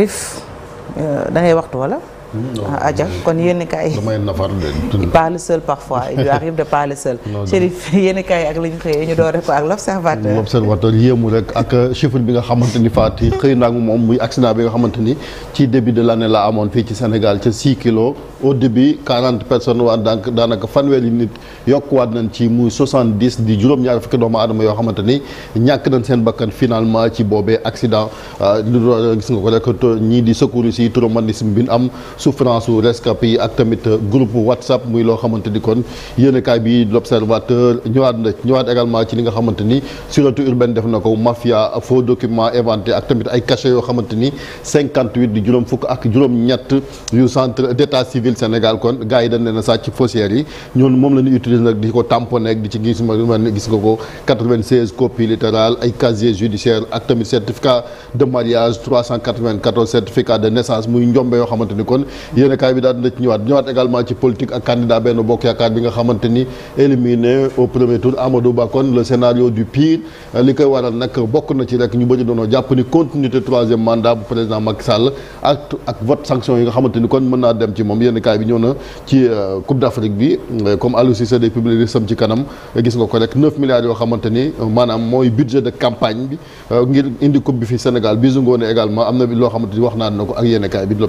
Euh, da ngay waxtu wala. Hmm, Adja ah, ah, kon yéen kaay pas parle seul parfois il arrive de parler seul Chérif yéen kaay ak la ñu xëyee ñu doore ko ak l'observateur l'observateur yéemu rek ak chiffre bi nga xamante ni Fatick xëy naa moom muy accident bi nga xamante ni ci début de l'année la amoon fii ci Sénégal ca 6 kilos au début 40 personnes waa donc daanaka fanweeri nit yokkuwaat nañ ci muy 70 di juróom-ñaar fukki doomu aadama yoo xamante ni ñàkk nañ seen bakkan finalement ci bobé accident ah, lu gis nga ko rek ñii di secours yi si traumatisme bi am souffrance su rescapé yi ak tamit groupe WhatsApp muy loo xamante ni kon yéenekaay bi l'Observateur ñëwaat na ñëwaat également ci li nga xamante ni sûreté urbaine def na ko mafia faux documents inventés ak tamit ay cachets yoo xamante ni cinquante-huit di juróom fukk ak juróom-ñett yu centre d'état civil Sénégal kon gars yi dañ a sàcc faussaires yi ñoom moom la ñuy utiliser nag di ko tamponner di ci gis nga ko 96 copies littérales ay casier judiciaire ak tamit certificat de mariage yoo xamante ni kon yéen a kaay bi daal dina ci ñëwaat ñëwaat également ci politique ak candidat benn bokk yaakaar bi nga xamante éliminé au premier tour Amadou Ba kon le scénario du pire li koy waral nag bokk na ci rek ñu bëri doonoo jàpp ni continuité troisième mandat bu président Macky Sall ak vote sanction yi nga xamante ni kon mën naa dem ci moom yéen kaay bi ñëw na ci euh, Coupe d'Afrique bi euh, comme Aliou Cissé day publier sam ci kanam gis nga ko rek 9 milliards yoo xamante ni euh, maanaam mooy budget de campagne bi ngir indi bi fi Sénégal bi su ngoone également loo xamante ni wax naa na ko ak yéen kaay bi de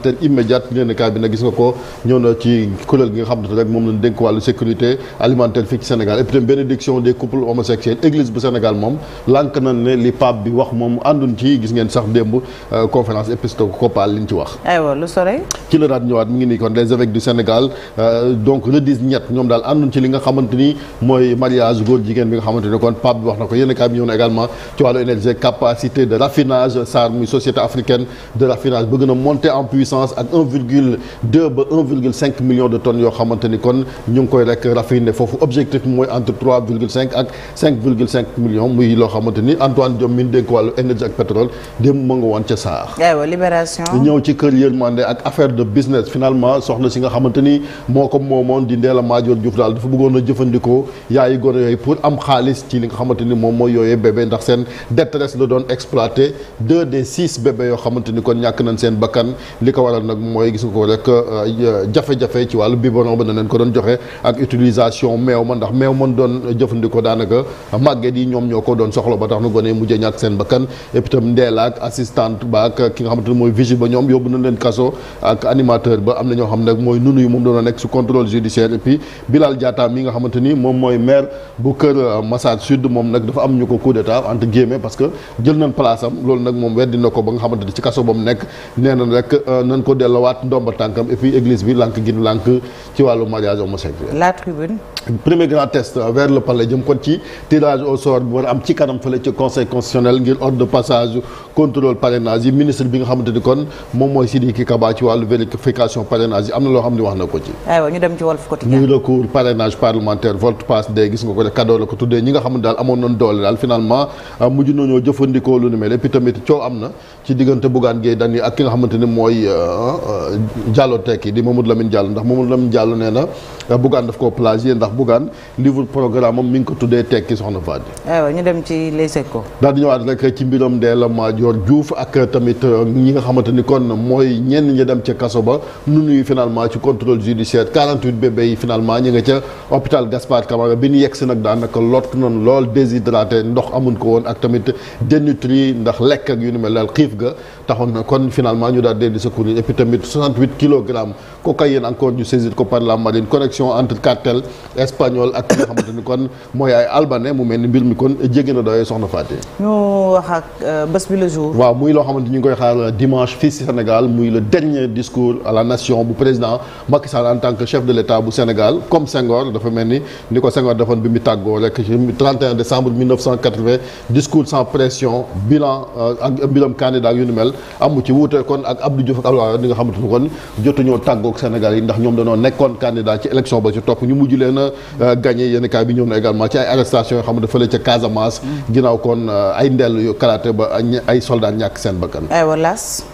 antenne immédiate yéenekaay bi nag gis nga ko ñëw na ci kuréel gi nga xam rek mom lañu dénk wàllu sécurité alimentaire fi ci Sénégal et puis bénédiction des couples homosexuels église bu Sénégal mom lank na né li pape bi wax mom andun ci gis ngeen sax demb euh, conférence épiscopale liñ ci wax ay wa lu sore ci la daat ñëwaat mi ngi ni kon les évêques du Sénégal euh, donc le redis ñet ñom dal andun ci li nga xamanteni moy mariage goor jigen bi nga xamanteni kon pape bi wax na ko yéenekaay bi ñëw na également ci walu énergie capacité de raffinage SAR muy société africaine de raffinage bëgg na monter en puissance puissance ak 1,2 1,5 million de tonnes yo xamanteni kon ñu ngi koy rek raffiner fofu objectif moy entre 3,5 ak 5,5 millions muy lo xamanteni Antoine Diom mi dénk wàllu énergie ak pétrole dem mu nga woon ca Saar. Eh aywa libération. ñew ci kër yërmande ak affaire de business finalement soxna si nga xamanteni ni moo di Ndella Madior Diouf daal dafa bëggoon a jëfandikoo yaayu ya yooyu pour am xaalis ci li nga xamanteni mom moom yoyé bébé ndax sen détresse le don exploité deux des six bébé yo xamanteni kon ñak nañ sen bakan ko waral nag mooy gis nga ko rek euh, ay euh, jafe-jafe ci wàllu biberon ba danañ ko don joxe ak utilisation meew ma ndax meew mon don jëfandikoo danaka màgget yi ñoom ñoo ko doon ba tax na gone mujjee ñàkk seen bakkan et puis tam ndeel assistante ba ak ki nga xamante moy mooy vigile ba ñom yóbbu nañ leen kaso ak animateur ba am na ñoo xam ne mooy nunu yu moom doon nekk su contrôle judiciaire et puis Bilal Diatta mi nga xamanteni mom moy maire bu keur Massar Sud mom nak dafa am ñuko coup d'état entre guillemets parce que jël nañ place am lool nak mom weddi na ko ba nga xamanteni ci kasso bam nek nena nee rek euh, nañ ko dellowaat ndomba tànkam et église bi lànk gin lànk ci wàllu mariage homosexuel la tribune premier grand test vers le palais jëm kon ci tirage au sort bi war a am ci kanam fële ci conseil constitutionnel ngir ordre de passage contrôle parrainage yi ministre bi nga xamante kon moom mooy Sidiki Kaba ci wàllu vérification parrainage yi am na loo xam ne wax na ko ci ñu dem ci parlementaire volte passe day gis nga ko de cadeau la ko tuddee Euh, Diallo tekki di Mamadou Lamine Diallo ndax Mamadou Lamine Diallo nee na euh, Bougane daf koo plagier ndax Bougane livre programme mi ngi ko tuddee tekki soxna Fadi. waaw ñu dem ci Les Échos. daal di ñëwaat rek ci mbiram Ndella Madior Diouf ak tamit euh, ñi nga xamante ni kon mooy ñenn ñi dem ca kaso ba nu nuyu finalement ci contrôle judiciaire 48 bébé yi finalement ñi nga ca hôpital Gaspard Camara bi ñu yegg nag daanaka lott nañ ko woon ak tamit dénutri ndax lekk ak yu ga et puis tamit 68 kilogrammes cocaïne encore ñu saisir ko par la marine connexion entre cartel espagnol et nga kon albanais mu mel ni Nous mi de jéggi na doyee soxna Faté. wax euh, le jour. dimanche fils du Sénégal muy le dernier discours à la nation du président Macky Sall en tant que chef de l'État du Sénégal comme Senghor dafa mel ni Senghor defoon bi 31 décembre 1980 discours sans pression bilan euh, ak bilan candidat yu ni mel amu ci kon ak Abdou alors li nga xamante ni kon jotuñoo tàggoog Sénégal yi ndax ñoom dañoo nekkoon candidat ci élection ba ci topp ñu mujj leen a euh, gagné yenn kaay bi ñëw na également ci ay arrestation yoo xam ne dafa la ca Casamance. Mm. ginnaaw kon euh, ay ndel yu kalaate ba ay soldats ñàkk seen bakkan. ay walaas.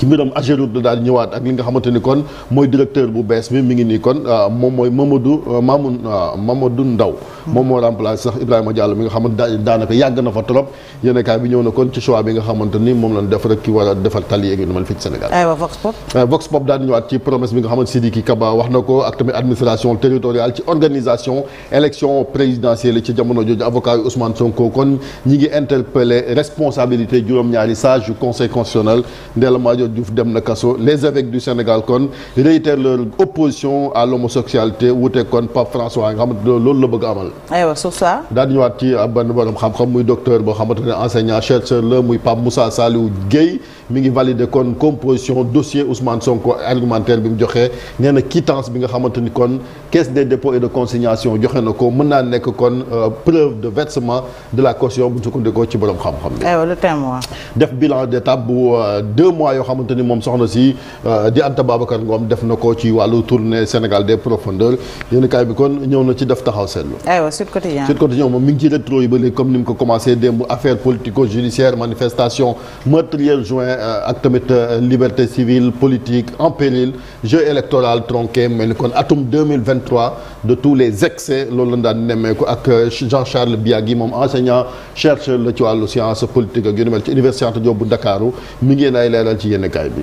ci mbiram Ageroute la daal ñëwaat ak li nga xamante ni kon mooy directeur bu bees bi mi ngi nii kon euh, moom mooy Mamadou euh, Mamoun euh, Mamadou Ndaw moom moo remplacé sax Ibrahima Diallo mi nga xamante daanaka yag na fa trop yene kaay bi ñëw na kon ci choix bi nga xamanteni mom lañ def rek ki wala defal defar tali yeeg yu ni mel ci Sénégal. ay Vox Pop. Vox Pop daal di ñëwaat ci promesse bi nga xamante Sidiki Kaba wax na ak tamit administration territoriale ci organisation élection présidentielle ci jamono jojo avocat Ousmane Sonko kon ñi ngi interpeller responsabilité juroom ñaari sage yu conseil constitutionnel Ndella Madior Abdoulaye Diouf dem na les évêques du Sénégal kon réitèrent leur opposition à l'homosexualité wute kon Pape François nga xamante loolu la bëgg amal. aywa sur ça. daa di ñëwaat ci benn borom xam-xam muy docteur boo xamante enseignant chercheur la muy Pape Moussa Saliou Guèye. Mingi valide kon composition dossier Ousmane Sonko argumentaire bim mu joxe nee quittance bi nga xamante kon caisse des dépôts et de consignation joxe nako ko nek kon euh, preuve de versement de la caution bu ñu sukkandikoo ci borom xam-xam bi. aywa le témoin def bilan d'étape bu euh, deux mois yo xamante mom soxna ci euh, di Anta Babacar Ngom def nako ci walu tournée Sénégal des profondeurs yéen kaay bi kon ñew na ci def taxaw seetlu. aywa Sud Quotidien Sud Quotidien mom mingi ngi ci rétro yi ba léegi comme nim ko commencer demb affaire politico judiciaire manifestation meurtrière juin. Euh, ak tamit euh, liberté civile politique en péril jeu électoral tronqué mel ni kon atum 2023 de tous les excès loolu lañ daan nemmeeku ak euh, Jean-Charles Biagui mon enseignant chercheur le ci wàllu science politique ak yu ni mel ci université Anta Diop bu mi ay ci bi.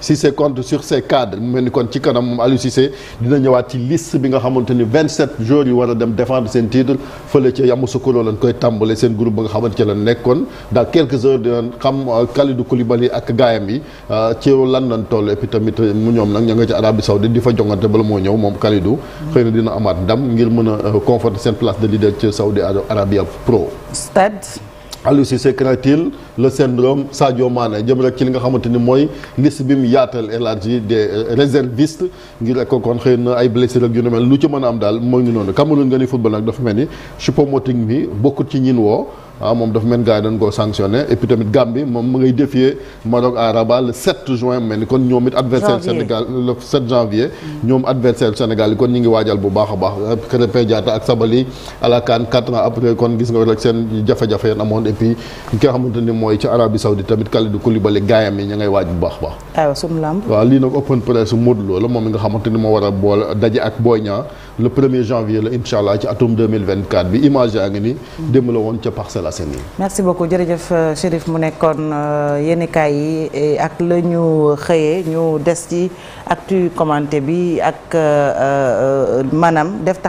si ses comptes sur ses cadres mel ni kon ci kanam moom Aliou Cissé dina ñëwaat ci liste bi nga xamante ni 27 joueurs yu war a dem défendre seen titre fële ca Yamoussoukro lañ koy tàmbale seen groupe ba nga xamante ci la nekkoon dans quelques heures de xam Kalidou Koulibaly Koulibaly ak gaayam yi ah, ci lan lañ toll et puis tamit euh, mu ñoom nag ña nga ci Arabie Saoudite di fa jongante bala moo ñëw moom Kalidou xëy na dina amaat ndam ngir mën a euh, conforter seen place de leader ci Saudi Arabia Pro stade Aliou Cissé craint-il le syndrome Sadio Mané jëm rek ci li nga xamante ni mooy liste bi mu yaatal élargie des euh, réservistes ngir ak kon xëy na ay blessé rek yu mel lu ci mën a am daal moo ngi noonu Cameroun nga ni football nag dafa mel ni choupo waaw moom dafa mel ni gars yi dañ koo sanctionné et puis tamit Gambie moom mu ngay défier Maroc à Rabat le juin mel ni kon ñoom it adversaire Sénégal le 7 janvier ñoom adversaire Sénégal yi kon ñu ngi waajal bu baax a baax Krépin Diatta ak Sabaly à la CAN 4 ans après kon gis nga rek seen jafe-jafe yeen amoon et puis ki nga xamante ni mooy ci Arabie Saoudite tamit Kalidou Koulibaly gaayam yi ñu ngay waaj bu baax a baax waaw sunu moom mi nga xamante ni moo war a boole ak Boy Niang le 1er janvier Inch'Allah, à ci 2024 bi image yaa ngi ni démb la woon Parcelles merci beaucoup jërëjëf euh, Chérif mu nekkoon euh, et yi ak la ñu xëyee ñu des ci actu commenté bi ak euh, def